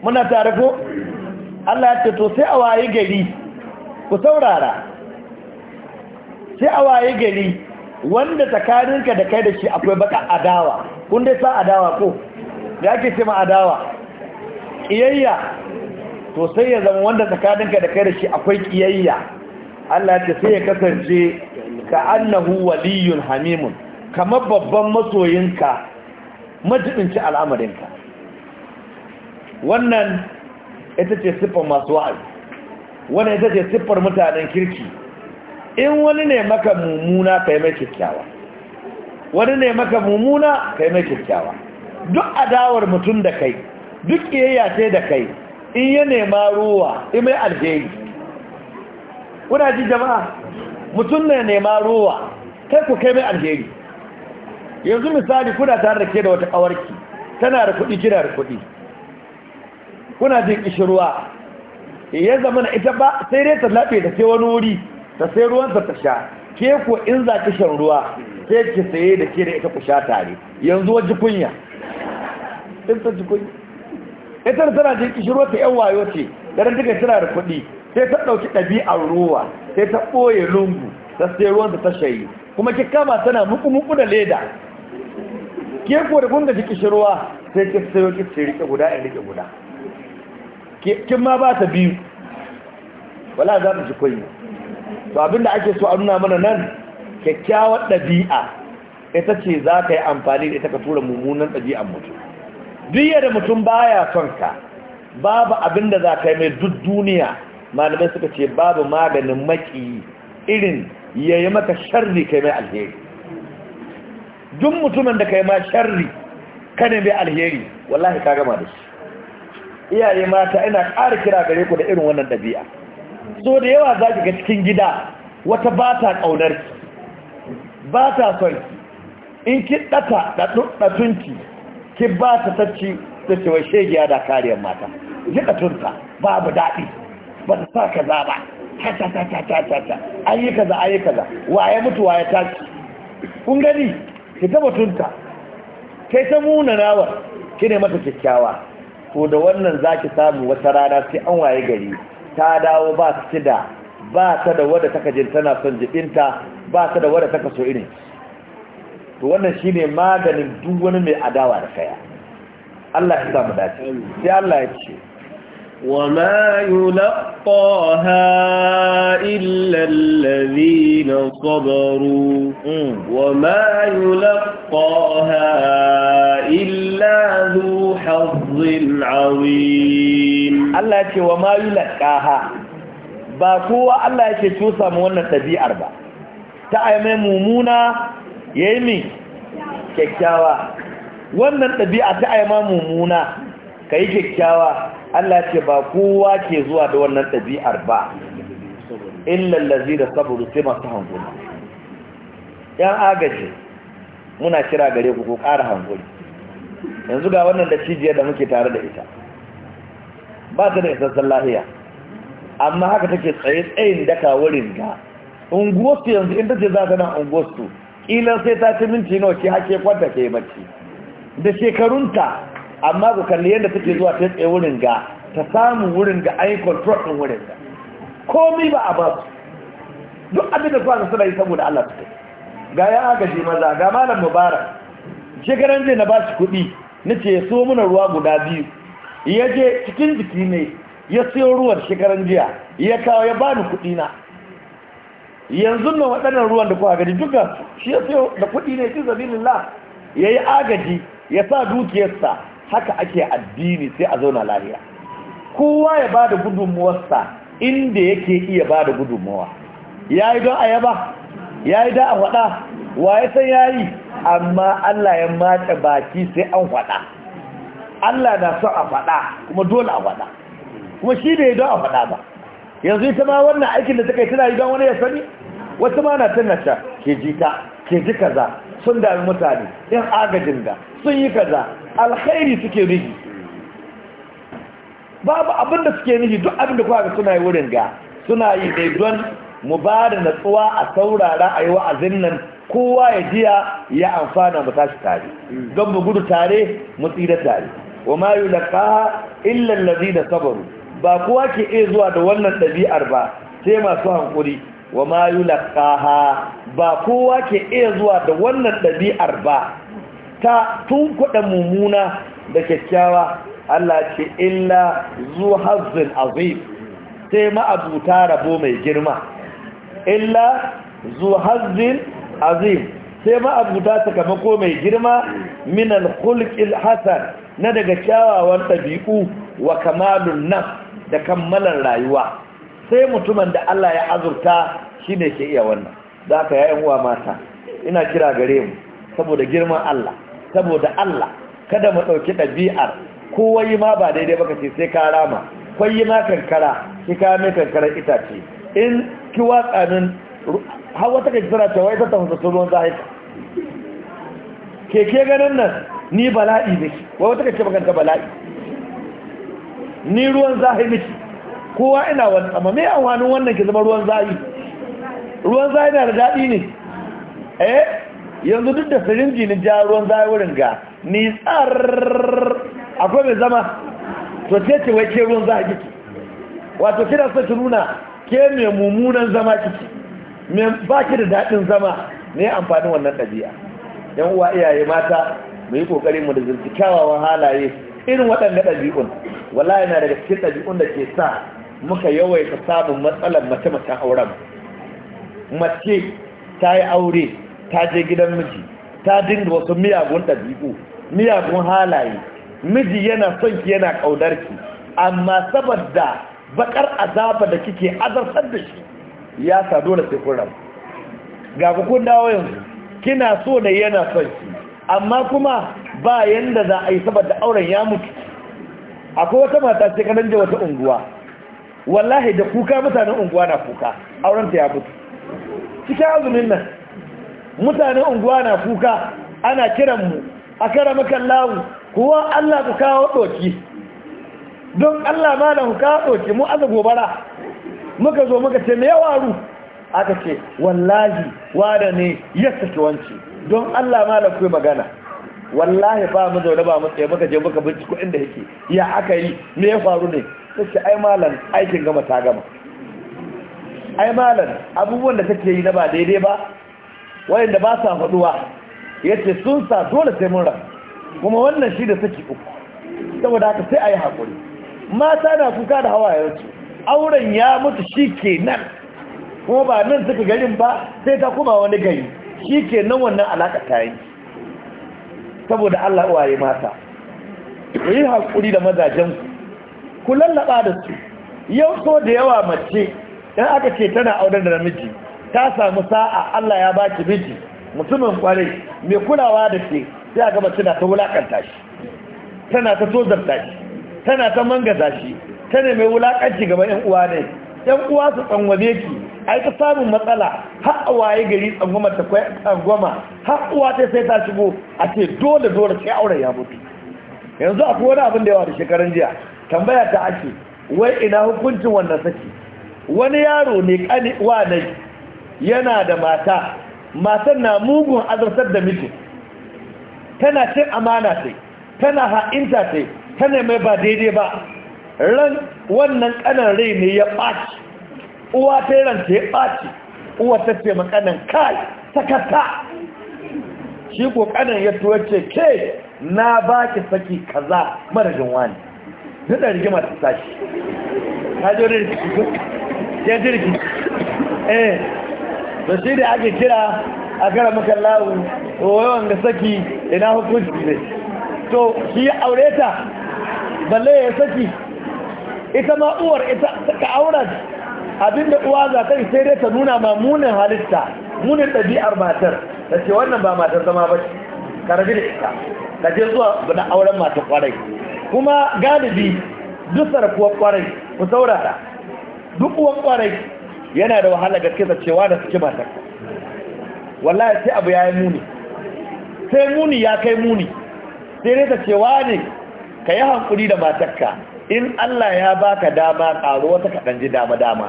muna tare ko Allah ya ce to sai a waye gari ku saurara sai a waye gari wanda tsakaninka da kai da shi akwai baka adawa kun dai sa adawa ko da ake ce ma adawa kiyayya to sai ya zama wanda tsakaninka da kai da shi akwai kiyayya Allah ya ce sai ya kasance ka annahu waliyun hamimun kamar babban masoyinka majibinci al'amarinka wannan ita ce siffar masu wa'azi wannan ita ce siffar mutanen kirki in wani ne maka mummuna ka yi mai kyakkyawa wani ne maka mummuna ka yi mai kyakkyawa duk adawar mutum da kai duk iyayya ce da kai in ya nema ruwa in mai alheri kuna ji jama'a mutum ne nema ruwa kai ku kai mai alheri yanzu misali kuna tare da ke da wata kawarki tana da kuɗi kina da kuɗi kuna jin kishirwa ya zama na ita ba sai dai ta laɓe da sai wani wuri ta sai ruwansa ta sha ke ko in za ki shan ruwa sai ki saye da ke da ita ku sha tare yanzu waje kunya in ta ji kunya ita da tana jin kishirwa ta yan wayo ce daren duka tana da kuɗi sai ta ɗauki ɗabi'ar ruwa sai ta ɓoye lungu ta sai ruwan ta shayi kuma ki kama tana muku muku da leda ke ko da kun da ji kishirwa sai ki sayo ki sai rike guda in rike guda kin ma ba ta biyu wala za mu ji kunya to abinda ake so a nuna mana nan kyakkyawar ɗabi'a ita ce za ka yi amfani da ita ka tura mummunan ɗabi'an mutum duk da mutum baya son ka babu abinda za ka yi mai duk duniya malamai suka ce babu maganin maki irin yayi maka sharri kai mai alheri duk mutumin da kai ma sharri kane mai alheri wallahi ka gama da shi iyaye mata ina ƙara kira gare ku da irin wannan ɗabi'a so da yawa za ki ga cikin gida wata ba ta ƙaunar ki ba ta son ki in ki ɗata ɗatunki ki ba ta tacci da cewa shegiya da kariyar mata ki ɗatunta babu daɗi ba ta sa kaza ba ta ta ta ta ta ta ta an yi kaza an yi kaza waye mutu waye tashi kun gani ki ta mutunta kai ta muna rawar ki ne mata kyakkyawa to da wannan zaki samu wata rana sai an waye gari ta dawo ba ta ci da ba ta da wadda ta kajin tana son jibinta ba ta da wadda ta kaso irin to wannan shine maganin duk wani mai adawa da kaya Allah ya samu dace sai Allah ya ce وما يلقاها إلا الذين صبروا وما يلقاها إلا ذو حظ عظيم الله يقول وما يلقاها باكوة الله يقول توسى مونا تبيع أربع تأيما ممونا يمي كيكاوا wannan ɗabi'a ta aima mummuna ka yi kyakkyawa Allah ce ba kowa ke zuwa da wannan ɗabi'ar ba illa allazi da saboda sai masu hankuli yan agaji muna kira gare ku ko ƙara hankuli yanzu ga wannan da cijiyar da muke tare da ita ba ta da isassan lahiya amma haka take tsaye tsayin daka wurin ga ungostu yanzu in ta ce za ta nan ungostu, ƙilan sai ta ci minti nawa ke hake kwanta ke bacci da shekarunta amma ku kalli yadda take zuwa ta tsaye wurin ga ta samu wurin ga ayi control din wurin ga komai ba a babu. duk abin da kuwa suna yi saboda Allah su kai ga ya agaji maza ga malam mubarak shekaran zai na ba shi kuɗi na ce ya so mana ruwa guda biyu ya je cikin jiki ne ya siyo ruwan shekaran jiya ya kawo ya ni kuɗi na yanzu na waɗannan ruwan da kuwa gani dukkan shi ya siyo da kuɗi ne fi zabilillah ya yi agaji ya sa dukiyarsa haka ake addini sai a zauna lahiya kowa ya bada da gudunmuwarsa inda yake iya bada da gudunmuwa ya yi don a yaba ya yi don a faɗa wa ya san ya yi amma Allah ya mata baki sai an faɗa Allah na son a faɗa kuma dole a faɗa kuma shi ne don a faɗa ba yanzu ita ma wannan aikin da ta kai tana yi don wani ya sani wasu ma na tannata ke ke ji kaza sun dami mutane yan agajin da sun yi kaza alkhairi suke nihi babu abin da suke nihi duk abin da ga suna yi wurin ga suna yi mai don mu ba da natsuwa a saurara a yi wa'azin nan kowa ya jiya ya amfana mu tashi tare don mu gudu tare mu tsira tare wa ma illan lazi da sabaru ba kowa ke iya zuwa da wannan ɗabi'ar ba sai masu hankuri wa ma yulqaha ba kowa ke iya zuwa da wannan ɗabi'ar ba ta tun tunkuɗa mummuna da kyakkyawa Allah ce illa zuhazin azim sai ma'abuta rabo mai girma illa zuhazin azim sai ma'abuta sakamako mai girma min alkhulqil hasan na daga kyawawan ɗabi'u wa kamalun nan da kammalan rayuwa sai mutumin da Allah ya azurta shine ke iya wannan za ka yayin uwa mata ina kira gare mu saboda girman Allah saboda Allah kada mu ɗauki ɗabi'ar kowai ma ba daidai baka ce sai ka rama kwayi ma kankara ki ka mai kankarar itace in ki watsa min hawa ta kaji tana cewa ita ta hussatun ruwan zahika keke ganin nan ni bala'i ne wai wata kace makanta bala'i ni ruwan zahi miki. kowa ina wani amma mai amfanin wannan ki zama ruwan zahi ruwan zahi na da daɗi ne eh yanzu duk da firinji ni ja ruwan zawirin ga ni tsar akwai mai zama to ce ce wai ke ruwan za a kiki wato kira so ki nuna ke mai mummunan zama kiki mai ba ki da daɗin zama ne amfanin wannan ɗabi'a yan uwa iyaye mata mu yi ƙoƙari mu da zirci kyawawan halaye irin waɗanda ɗabi'un wallahi na daga cikin ɗabi'un da ke sa muka yawaita samun matsalar mace-macen auren mace ta yi aure ta je gidan miji ta dinga wasu miyagun ɗabi'u miyagun halaye miji yana son ki yana ƙaunar ki amma saboda bakar azaba da kike azartar da shi ya sa dole sai kun ga ku kun dawo yanzu kina so ne yana son ki amma kuma ba yanda za a yi saboda auren ya mutu akwai wata mata ce kanan je wata unguwa wallahi da kuka mutanen unguwa na kuka auren ta ya mutu cikin azumin nan mutanen unguwa na kuka ana kiranmu a kara makan lawu kuwa Allah ku kawo ɗoki don Allah ma da ku kawo ɗoki mu aza gobara muka zo muka ce mai waru aka ce wallahi wada ne ya saki wanci don Allah ma da ku magana wallahi ba mu zaune ba mu tsaye muka je muka binciko inda yake ya aka yi me ya faru ne sai ai malam aikin gama ta gama ai malam abubuwan da take yi na ba daidai ba wayanda ba sa faduwa yace sun sa dole sai mun kuma wannan shi da saki uku saboda haka sai ayi yi haƙuri mata na kuka da hawayensu auren ya mutu shi ke nan kuma ba nan suka garin ba sai ta kuma wani gari shi ke nan wannan alaƙa ta yi saboda allah waye mata ku yi haƙuri da mazajen ku lallaɓa da su yau so da yawa mace in aka ce tana auren da namiji Ka samu sa'a Allah ya baki miji mutumin kwarai mai kulawa da ke sai a gaba tana ta wulakanta shi tana ta tozarta shi tana ta mangaza shi tana mai wulakanci gaba yan uwa ne yan uwa su tsangwame ki ai ta samun matsala har waye gari tsangwama ta kwai tsangwama har uwa ta sai ta shigo a ce dole dole sai aure ya mutu yanzu akwai wani abin da yawa da shekarun jiya tambaya ta ake wai ina hukuncin wannan saki wani yaro ne kani wa nai yana da mata matan na mugun azartar da mijin tana cin amana sai tana ha'inta sai tana mai ba daidai ba ran wannan kanan rai ne ya ɓaci uwa ta yi ranta ya ɓaci uwa ta ce makanan kai sakata shi ko kanan ya tuwa ce ke na baki saki kaza marajin wani nuna rigima ta tashi ta jirgin eh da shi da ake kira a kara maka lawu yawan da saki ina hukunci ne to shi ya aure ta balle ya saki ita ma uwar ita ka aura abinda uwa za ta sai dai ta nuna ma munin halitta munin ɗabi'ar matar da ce wannan ba matar zama ba ka rabi da ita ka je zuwa na auren matar kwarai kuma galibi duk kuwa kwarai ku saurara duk uwan kwarai yana da wahala gaske da cewa da suke ba takka wallahi sai abu yi muni sai muni ya kai muni sai dai cewa ne ka yi hankuri da matakka in Allah ya baka dama karo wata ka ji dama dama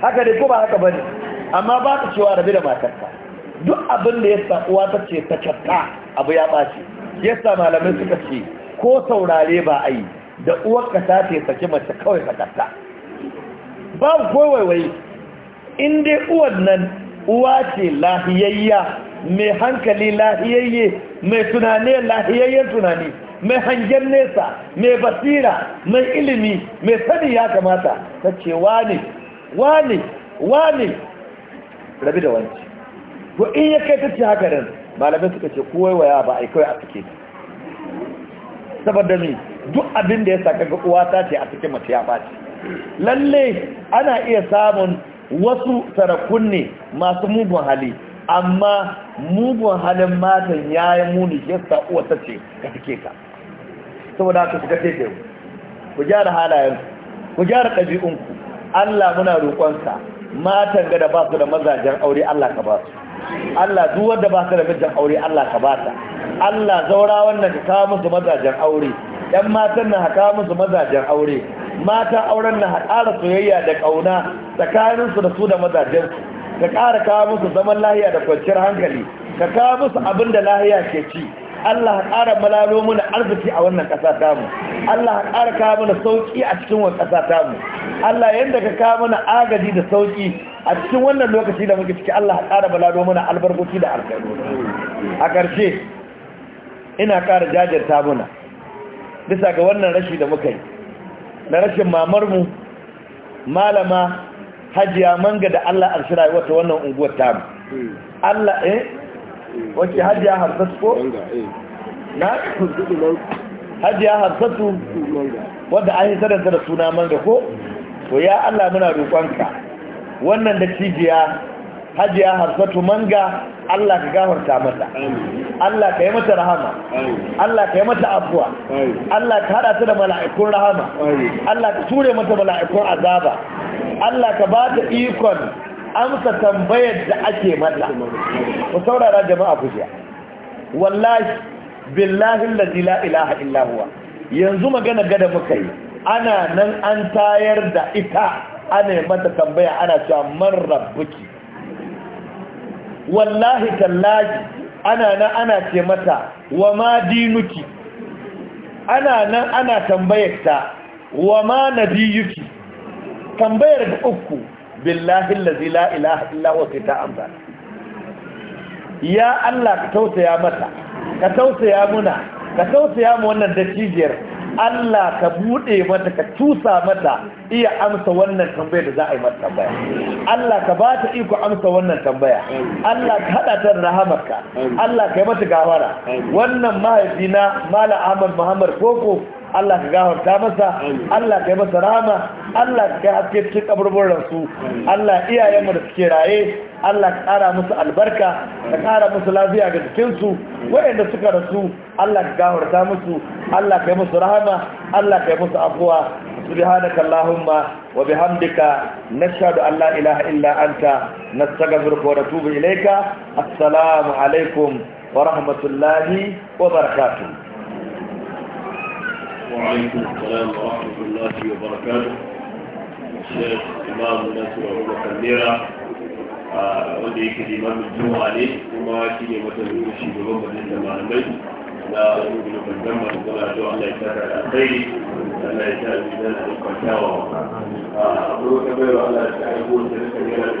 haka dai ko ba haka bane amma ba ka cewa rabi da matakka duk abin da ya sa uwa ta ce ta kyatta abu ya ɓaci ya sa malamai suka ce ko saurare ba a yi da uwarka ta ce saki mace kawai ka kyatta babu kowaiwai in dai uwan nan uwa ce lahiyayya mai hankali lahiyayye mai tunane lahiyayyen tunani mai hangen nesa mai basira mai ilimi mai sani ya kamata ta ce ne? Wa ne? rabi da wanci ko in ya kai ta ce haka nan malamai suka ce kowaiwaya ba a yi kawai a suke saboda ne duk abin da ya sa kaga uwa ta ce a cikin mace ya ɓaci lalle ana iya samun wasu sarakun ne masu mugun hali amma mugun halin matan ya yi muni shi yasa uwata ce ka fike ka saboda haka shiga teke ku gyara halayen ku gyara ɗabi'unku Allah muna roƙonsa matan gada ba su da mazajen aure Allah ka ba su Allah duwar da ba su da mijin aure Allah ka ba ta Allah zaura wannan ka kawo musu mazajen aure yan matan na haƙa musu mazajen aure mata auren na ƙara soyayya da ƙauna tsakaninsu da su da mazajensu ka ƙara kawo musu zaman lahiya da kwanciyar hankali ka kawo musu abin da lahiya ke ci Allah ƙara malalo mana arziki a wannan ƙasa tamu Allah ƙara kawo mana sauƙi a cikin wannan ƙasa tamu Allah yanda ka kawo mana agaji da sauƙi a cikin wannan lokaci da muke ciki Allah ƙara malalo mana albarkoci da alƙalori a ƙarshe ina ƙara jajirta mana bisa ga wannan rashi da muka yi na rashin mamarmu malama hajiya manga da Allah arshira wata wannan unguwar tamu Allah eh wace hajiya harsatu ko eh. na hajiya harsatu wadda an yi sadanta da suna manga ko to ya Allah muna roƙonka wannan da cijiya hajiya harsatu manga Allah ka gafarta mata Allah ka yi mata rahama Allah ka yi mata abuwa. Allah ka hada ta da mala'ikun rahama Allah ka ture mata mala'ikun azaba Allah ka ba ta ikon amsa tambayar da ake mata ku saurara jama'a ku jiya wallahi billahi allazi la ilaha illa yanzu magana gada muka yi ana nan an tayar da ita ana mata tambaya ana cewa man rabbuki wallahi tallahi ana nan ana ce mata wa ma dinuki ana nan ana tambayar ta wa ma nabiyuki tambayar da uku billahi allazi la ilaha illa huwa ta amsa ya Allah ka tausaya mata ka tausaya muna ka tausaya mu wannan dacijiyar Allah ka buɗe mata ka tusa mata iya amsa wannan tambaya da za a yi mata tambaya Allah ka ba ta iko amsa wannan tambaya Allah ka haɗa ta da rahamarka Allah ka yi mata gawara wannan mahaifina Malam Ahmad Muhammad Koko Allah ka gafarta masa Allah ka yi masa rahama Allah ka kai haske cikin kaburburan su Allah iyayen mu da suke raye Allah ka ƙara musu albarka ka ƙara musu lafiya ga jikinsu. waɗanda suka rasu Allah ka gafarta musu Allah ka yi musu rahama Allah ka yi musu afuwa سبحانك اللهم وبحمدك نشهد أن لا إله إلا أنت نستغفرك ونتوب إليك السلام عليكم ورحمة الله وبركاته وعليكم السلام ورحمه الله وبركاته الشيخ امام الناس وعمر كنيره ودي كده من الجمعه لي وما كلمه مثلا شيء بغض النظر عن البيت لا اريد ان اتكلم عن لا يسعد على خيري ان يسعد بذلك القساوه وقال الله تعالى يقول ذلك يا